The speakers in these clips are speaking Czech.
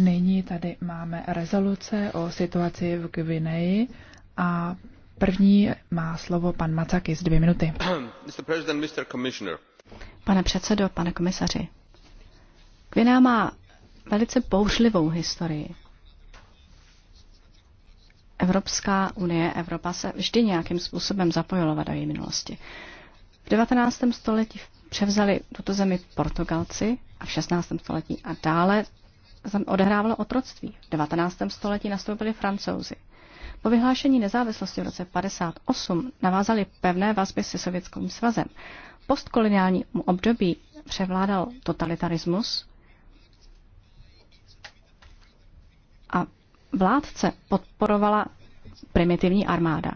Nyní tady máme rezoluce o situaci v Gvineji a první má slovo pan Macaki z dvě minuty. Pane předsedo, pane komisaři, Gvinea má velice bouřlivou historii. Evropská unie, Evropa se vždy nějakým způsobem zapojovala do její minulosti. V 19. století převzali tuto zemi Portugalci a v 16. století a dále odehrávalo otroctví. V 19. století nastoupili francouzi. Po vyhlášení nezávislosti v roce 58 navázali pevné vazby se Sovětským svazem. Postkoloniálním období převládal totalitarismus a vládce podporovala primitivní armáda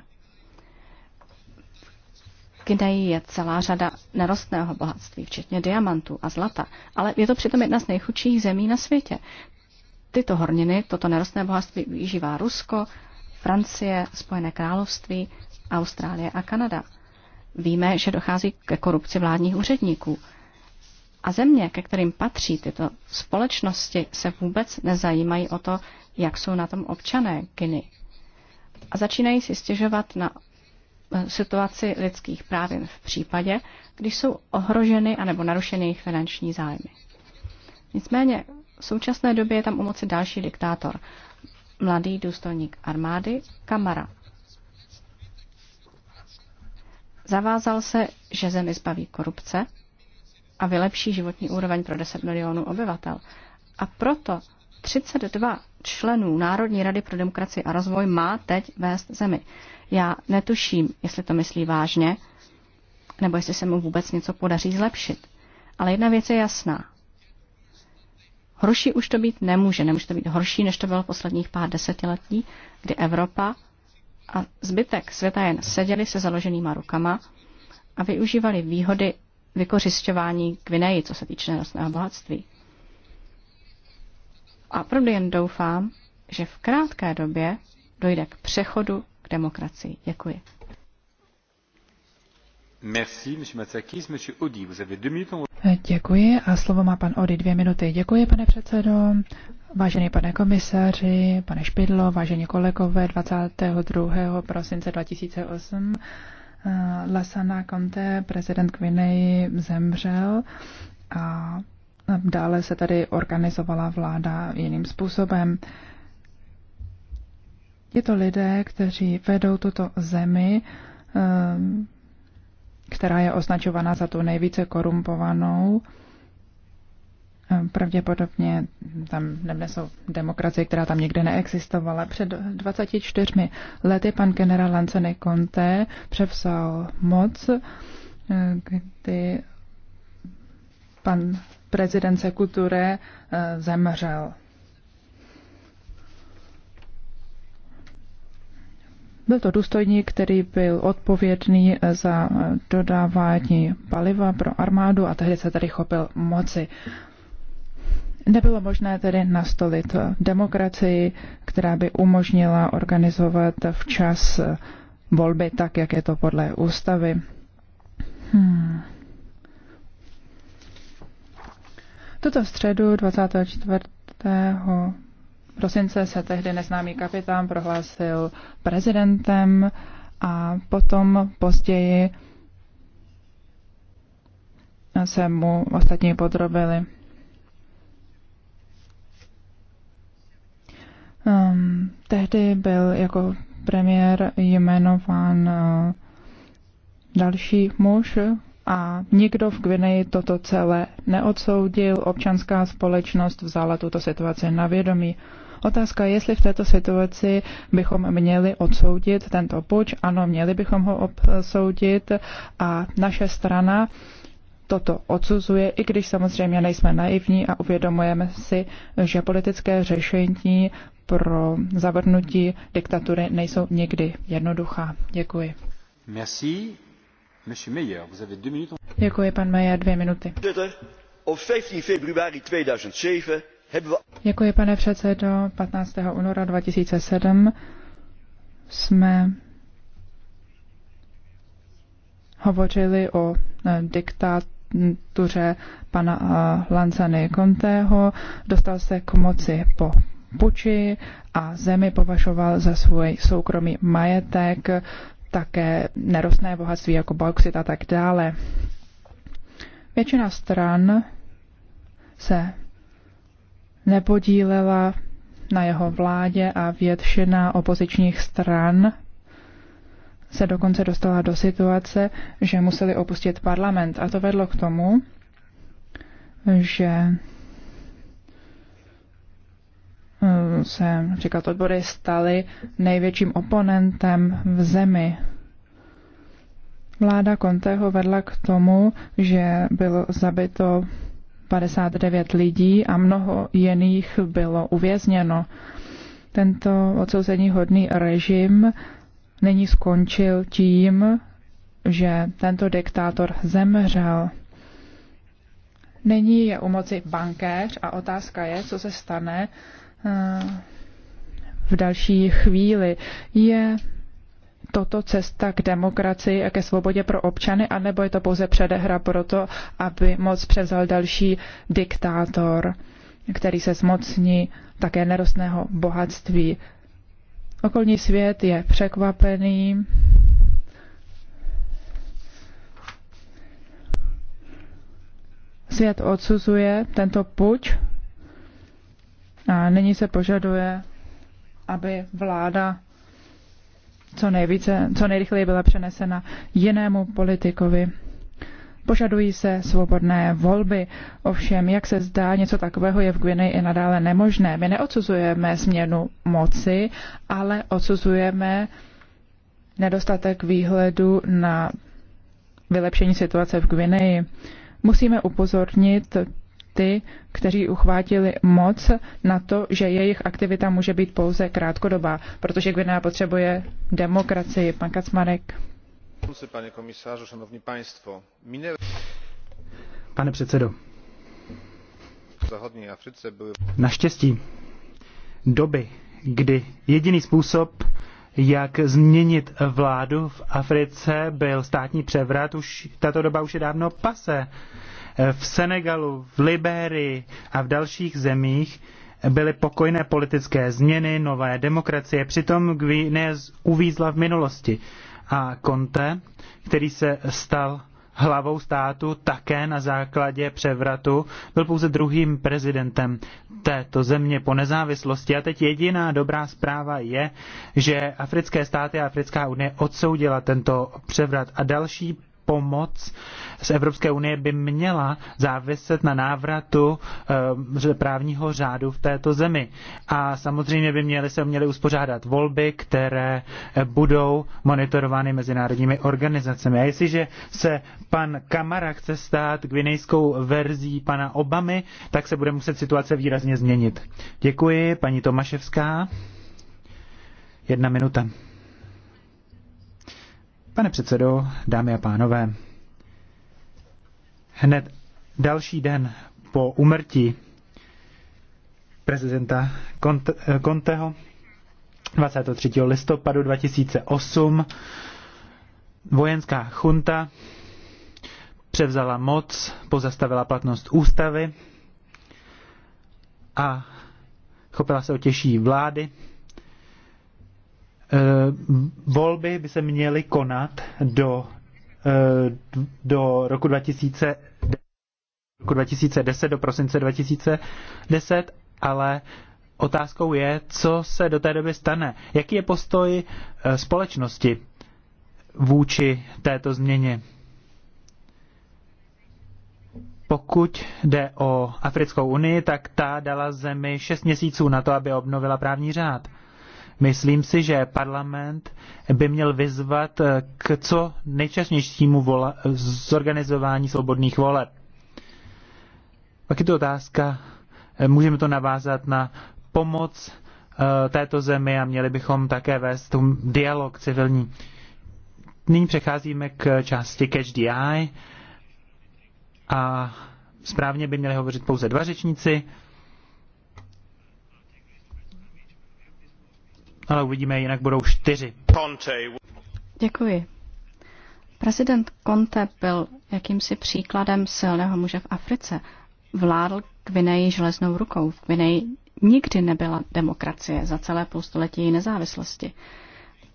kydají je celá řada nerostného bohatství, včetně diamantů a zlata, ale je to přitom jedna z nejchudších zemí na světě. Tyto horniny, toto nerostné bohatství využívá Rusko, Francie, Spojené království, Austrálie a Kanada. Víme, že dochází ke korupci vládních úředníků. A země, ke kterým patří tyto společnosti, se vůbec nezajímají o to, jak jsou na tom občané Kiny. A začínají si stěžovat na situaci lidských práv v případě, když jsou ohroženy anebo narušeny jejich finanční zájmy. Nicméně v současné době je tam u moci další diktátor, mladý důstojník armády Kamara. Zavázal se, že zemi zbaví korupce a vylepší životní úroveň pro 10 milionů obyvatel. A proto 32 členů Národní rady pro demokracii a rozvoj má teď vést zemi. Já netuším, jestli to myslí vážně, nebo jestli se mu vůbec něco podaří zlepšit. Ale jedna věc je jasná. Horší už to být nemůže. Nemůže to být horší, než to bylo v posledních pár desetiletí, kdy Evropa a zbytek světa jen seděli se založenýma rukama a využívali výhody vykořišťování Gvineji, co se týče nerostného bohatství. A opravdu jen doufám, že v krátké době dojde k přechodu k demokracii. Děkuji. Merci, monsieur Matsakis. Monsieur Audi, vous avez deux minutes. Děkuji a slovo má pan Ody dvě minuty. Děkuji, pane předsedo, vážený pane komisaři, pane Špidlo, vážení kolegové, 22. prosince 2008 eh, Lasana Conte, prezident Gvineji, zemřel a Dále se tady organizovala vláda jiným způsobem. Je to lidé, kteří vedou tuto zemi, ehm, která je označovaná za tu nejvíce korumpovanou. Ehm, pravděpodobně tam nemnesou demokracie, která tam nikdy neexistovala. Před 24 lety pan generál Lanceny Conte převzal moc, eh, kdy pan prezident Sekuture eh, zemřel. Byl to důstojník, který byl odpovědný eh, za eh, dodávání paliva pro armádu a tehdy se tady chopil moci. Nebylo možné tedy nastolit demokracii, která by umožnila organizovat včas volby tak, jak je to podle ústavy. Hmm. Tuto středu 24. prosince se tehdy neznámý kapitán prohlásil prezidentem a potom později se mu ostatní podrobili. Um, tehdy byl jako premiér jmenován uh, další muž, a nikdo v Gvineji toto celé neodsoudil. Občanská společnost vzala tuto situaci na vědomí. Otázka je, jestli v této situaci bychom měli odsoudit tento puč. Ano, měli bychom ho odsoudit a naše strana toto odsuzuje, i když samozřejmě nejsme naivní a uvědomujeme si, že politické řešení pro zavrnutí diktatury nejsou nikdy jednoduchá. Děkuji. Merci. Děkuji, pan dvě minuty. Děkuji, pane předsedo. 15. února 2007 jsme hovořili o eh, diktatuře pana eh, Lanzany Conteho. Dostal se k moci po puči a zemi považoval za svůj soukromý majetek také nerostné bohatství jako bauxit a tak dále. Většina stran se nepodílela na jeho vládě a většina opozičních stran se dokonce dostala do situace, že museli opustit parlament. A to vedlo k tomu, že se například odbory staly největším oponentem v zemi. Vláda Conteho vedla k tomu, že bylo zabito 59 lidí a mnoho jiných bylo uvězněno. Tento odsouzení hodný režim není skončil tím, že tento diktátor zemřel. Nyní je u moci bankéř a otázka je, co se stane, Eh, v další chvíli. Je toto cesta k demokracii a ke svobodě pro občany, anebo je to pouze předehra pro to, aby moc převzal další diktátor, který se zmocní také nerostného bohatství. Okolní svět je překvapený. Svět odsuzuje tento puč a nyní se požaduje, aby vláda co, nejvíce, co nejrychleji byla přenesena jinému politikovi. Požadují se svobodné volby, ovšem, jak se zdá, něco takového je v Gvineji i nadále nemožné. My neodsuzujeme změnu moci, ale odsuzujeme nedostatek výhledu na vylepšení situace v Gvineji. Musíme upozornit ty, kteří uchvátili moc na to, že jejich aktivita může být pouze krátkodobá, protože Gvinea potřebuje demokracii. Pan Kacmarek. Pane komisáře, šanovní państwo, mine... Pane předsedo. V Africe byly... Naštěstí doby, kdy jediný způsob, jak změnit vládu v Africe, byl státní převrat, už tato doba už je dávno pase v Senegalu, v Libérii a v dalších zemích byly pokojné politické změny, nové demokracie, přitom Gviné uvízla v minulosti. A Conte, který se stal hlavou státu také na základě převratu, byl pouze druhým prezidentem této země po nezávislosti. A teď jediná dobrá zpráva je, že africké státy a Africká unie odsoudila tento převrat a další pomoc z Evropské unie by měla záviset na návratu eh, právního řádu v této zemi. A samozřejmě by měly se měly uspořádat volby, které eh, budou monitorovány mezinárodními organizacemi. A jestliže se pan Kamara chce stát gvinejskou verzí pana Obamy, tak se bude muset situace výrazně změnit. Děkuji, paní Tomaševská. Jedna minuta. Pane předsedo, dámy a pánové, hned další den po umrtí prezidenta eh, Conteho 23. listopadu 2008 vojenská chunta převzala moc, pozastavila platnost ústavy a chopila se o těžší vlády, Eh, volby by se měly konat do, eh, do roku 2010, roku 2010, do prosince 2010, ale otázkou je, co se do té doby stane. Jaký je postoj eh, společnosti vůči této změně? Pokud jde o Africkou unii, tak ta dala zemi 6 měsíců na to, aby obnovila právní řád. Myslím si, že parlament by měl vyzvat eh, k co nejčastnějšímu zorganizování svobodných voleb. Pak je to otázka, eh, můžeme to navázat na pomoc eh, této zemi a měli bychom také vést dialog civilní. Nyní přecházíme k části Catch the Eye a správně by měli hovořit pouze dva řečníci. ale uvidíme, jinak budou čtyři. Děkuji. Prezident Conte byl jakýmsi příkladem silného muže v Africe. Vládl Gvineji železnou rukou. V Gvineji nikdy nebyla demokracie za celé půlstoletí její nezávislosti.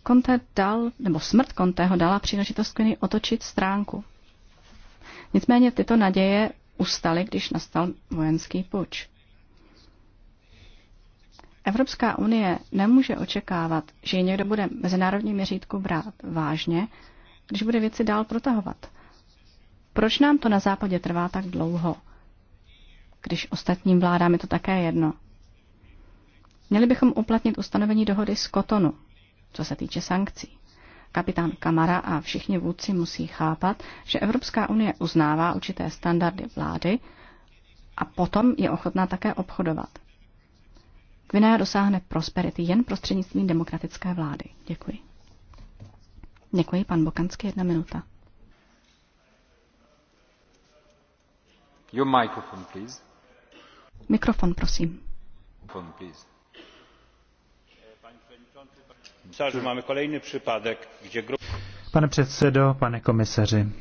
Conte dal, nebo smrt Conteho dala příležitost Gvineji otočit stránku. Nicméně tyto naděje ustaly, když nastal vojenský puč. Evropská unie nemůže očekávat, že ji někdo bude mezinárodní měřítku brát vážně, když bude věci dál protahovat. Proč nám to na západě trvá tak dlouho, když ostatním vládám je to také jedno? Měli bychom uplatnit ustanovení dohody z Kotonu, co se týče sankcí. Kapitán Kamara a všichni vůdci musí chápat, že Evropská unie uznává určité standardy vlády a potom je ochotná také obchodovat. Gvinea dosáhne prosperity jen prostřednictvím demokratické vlády. Děkuji. Děkuji, pan Bokanský, jedna minuta. Your microphone, please. Mikrofon, prosím. Mikrofon, please. Pane předsedo, pane komisaři,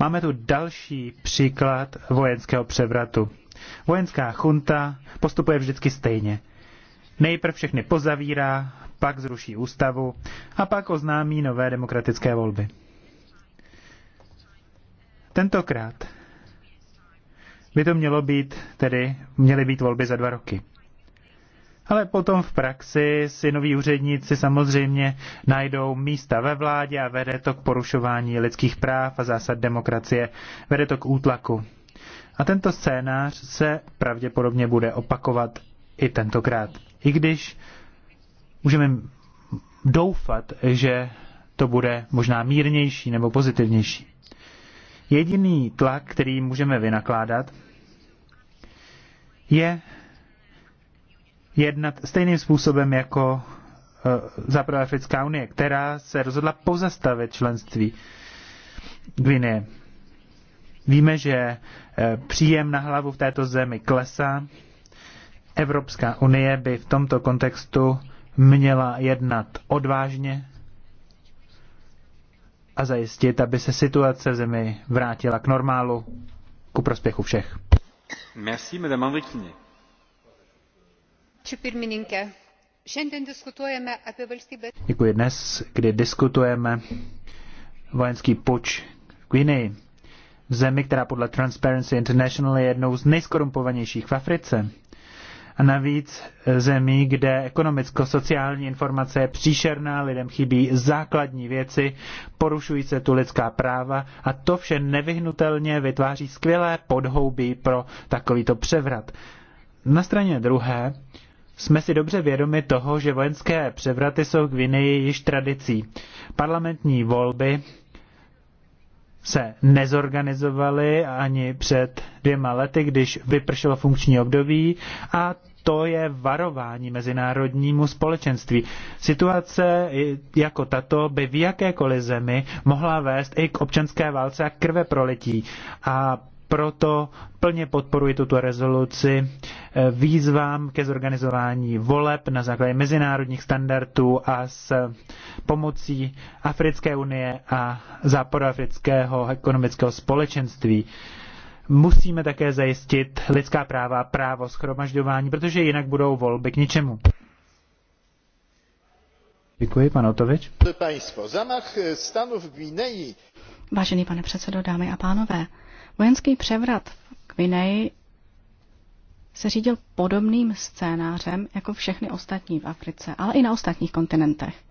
máme tu další příklad vojenského převratu. Vojenská chunta postupuje vždycky stejně. nejprve všechny pozavírá, pak zruší ústavu a pak oznámí nové demokratické volby. Tentokrát by to mělo být, tedy měly být volby za dva roky. Ale potom v praxi si noví úředníci samozřejmě najdou místa ve vládě a vede to k porušování lidských práv a zásad demokracie. Vede to k útlaku a tento scénář se pravděpodobně bude opakovat i tentokrát. I když můžeme doufat, že to bude možná mírnější nebo pozitivnější. Jediný tlak, který můžeme vynakládat, je jednat stejným způsobem jako eh, Západoafrická unie, která se rozhodla pozastavit členství Gvineje. Víme, že eh, příjem na hlavu v této zemi klesá. Evropská unie by v tomto kontextu měla jednat odvážně a zajistit, aby se situace v zemi vrátila k normálu, ku prospěchu všech. Merci, madame Andrikine. Děkuji dnes, kdy diskutujeme vojenský puč v Guineji v zemi, která podle Transparency International je jednou z nejskorumpovanějších v Africe. A navíc e, zemí, kde ekonomicko-sociální informace je příšerná, lidem chybí základní věci, porušují se tu lidská práva a to vše nevyhnutelně vytváří skvělé podhoubí pro takovýto převrat. Na straně druhé jsme si dobře vědomi toho, že vojenské převraty jsou k již tradicí. Parlamentní volby se nezorganizovali ani před dvěma lety, když vypršelo funkční období a to je varování mezinárodnímu společenství. Situace jako tato by v jakékoliv zemi mohla vést i k občanské válce a krve prolití. A proto plně podporuji tuto rezoluci e, výzvám ke zorganizování voleb na základě mezinárodních standardů a s pomocí Africké unie a Západoafrického ekonomického společenství. Musíme také zajistit lidská práva a právo schromažďování, protože jinak budou volby k ničemu. Děkuji, pan Otovič. E, Vážený pane předsedo, dámy a pánové, Vojenský převrat v Gvineji se řídil podobným scénářem jako všechny ostatní v Africe, ale i na ostatních kontinentech.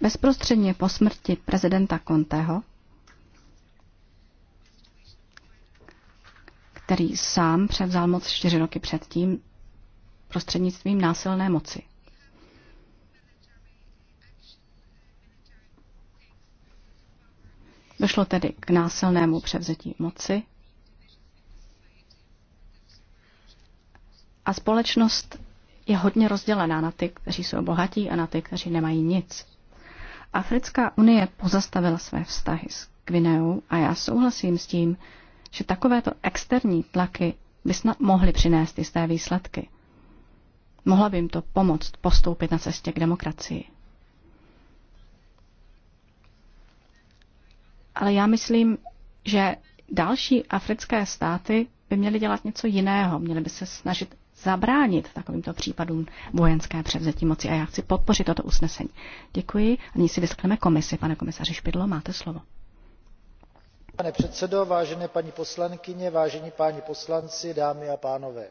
Bezprostředně po smrti prezidenta Conteho, který sám převzal moc čtyři roky předtím prostřednictvím násilné moci. Došlo tedy k násilnému převzetí moci a společnost je hodně rozdělená na ty, kteří jsou bohatí a na ty, kteří nemají nic. Africká unie pozastavila své vztahy s Gvineou a já souhlasím s tím, že takovéto externí tlaky by snad mohly přinést jisté výsledky. Mohla by jim to pomoct postoupit na cestě k demokracii. Ale já myslím, že další africké státy by měly dělat něco jiného. Měly by se snažit zabránit takovýmto případům vojenské převzetí moci. A já chci podpořit toto usnesení. Děkuji. A nyní si vyskneme komisi. Pane komisaři Špidlo, máte slovo. Pane předsedo, vážené paní poslankyně, vážení páni poslanci, dámy a pánové.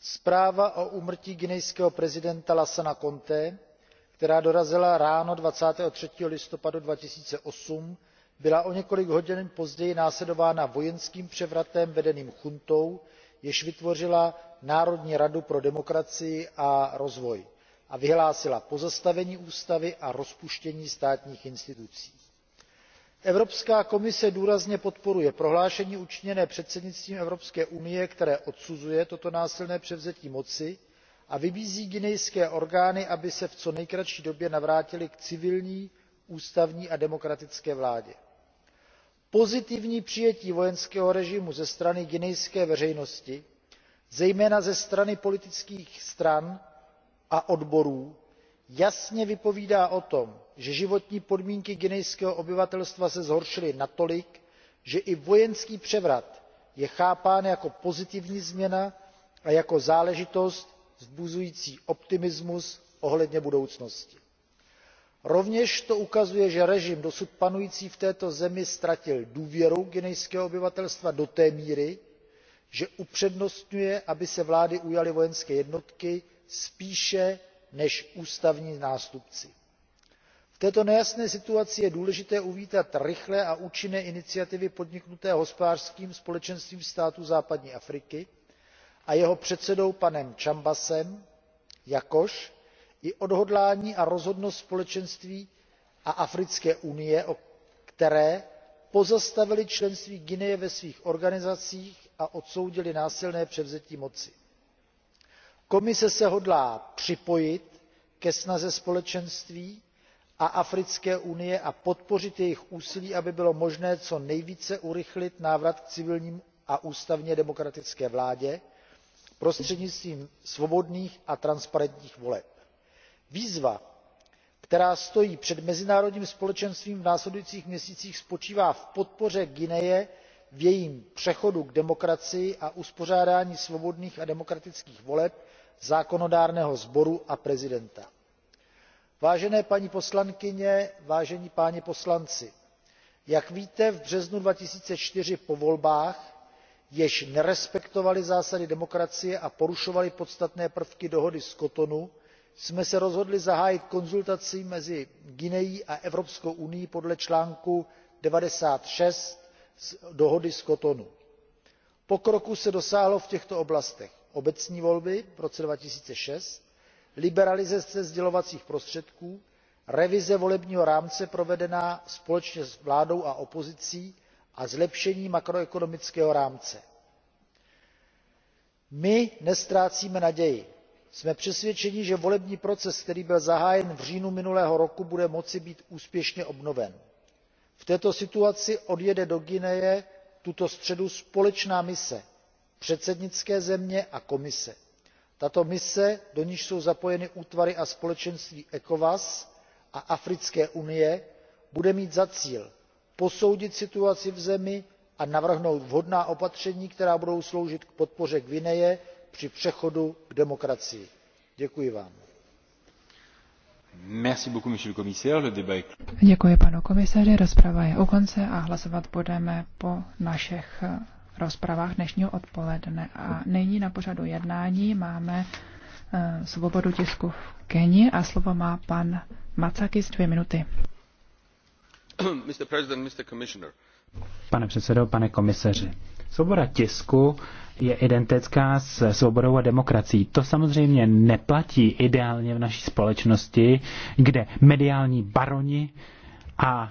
Zpráva o úmrtí guinejského prezidenta Lasana Conte, která dorazila ráno 23. listopadu 2008, byla o několik hodin později následována vojenským převratem vedeným juntou jež vytvořila národní radu pro demokracii a rozvoj a vyhlásila pozastavení ústavy a rozpuštění státních institucí. evropská komise důrazně podporuje prohlášení učiněné předsednictvím evropské unie které odsuzuje toto násilné převzetí moci a vybízí guinejské orgány aby se v co nejkratší době navrátily k civilní ústavní a demokratické vládě pozitivní přijetí vojenského režimu ze strany guinejské veřejnosti zejména ze strany politických stran a odborů jasně vypovídá o tom že životní podmínky guinejského obyvatelstva se zhoršily natolik že i vojenský převrat je chápán jako pozitivní změna a jako záležitost vzbuzující optimismus ohledně budoucnosti rovněž to ukazuje že režim dosud panující v této zemi ztratil důvěru guinejského obyvatelstva do té míry že upřednostňuje aby se vlády ujaly vojenské jednotky spíše než ústavní nástupci. v této nejasné situaci je důležité uvítat rychlé a účinné iniciativy podniknuté hospodářským společenstvím států západní afriky a jeho předsedou panem chambasem jakož i odhodlání a rozhodnost společenství a africké unie které pozastavily členství guineje ve svých organizacích a odsoudily násilné převzetí moci. komise se hodlá připojit ke snaze společenství a africké unie a podpořit jejich úsilí aby bylo možné co nejvíce urychlit návrat k civilní a ústavně demokratické vládě prostřednictvím svobodných a transparentních voleb výzva která stojí před mezinárodním společenstvím v následujících měsících spočívá v podpoře guineje v jejím přechodu k demokracii a uspořádání svobodných a demokratických voleb zákonodárného sboru a prezidenta. vážené paní poslankyně vážení páni poslanci jak víte v březnu two thousand and four po volbách jež nerespektovaly zásady demokracie a porušovaly podstatné prvky dohody z cotonou jsme se rozhodli zahájit konzultaci mezi guineí a evropskou unií podle článku ninety six dohody z cotonou. pokroku se dosáhlo v těchto oblastech obecní volby v roce two thousand and six liberalizace sdělovacích prostředků revize volebního rámce provedená společně s vládou a opozicí a zlepšení makroekonomického rámce. my neztrácíme naději jsme přesvědčeni že volební proces který byl zahájen v říjnu minulého roku bude moci být úspěšně obnoven. v této situaci odjede do guineje tuto středu společná mise předsednické země a komise. tato mise do níž jsou zapojeny útvary a společenství ecowas a africké unie bude mít za cíl posoudit situaci v zemi a navrhnout vhodná opatření která budou sloužit k podpoře guineje při přechodu k demokracii. děkuji vám. Děkuji panu komisaři, rozprava je u konce a hlasovat budeme po našich eh, rozpravách dnešního odpoledne. A nyní na pořadu jednání máme eh, svobodu tisku v Keni a slovo má pan Macakis dvě minuty. Pane předsedo, pane komisaři, Svoboda tisku je identická s svobodou a demokracií. To samozřejmě neplatí ideálně v naší společnosti, kde mediální baroni a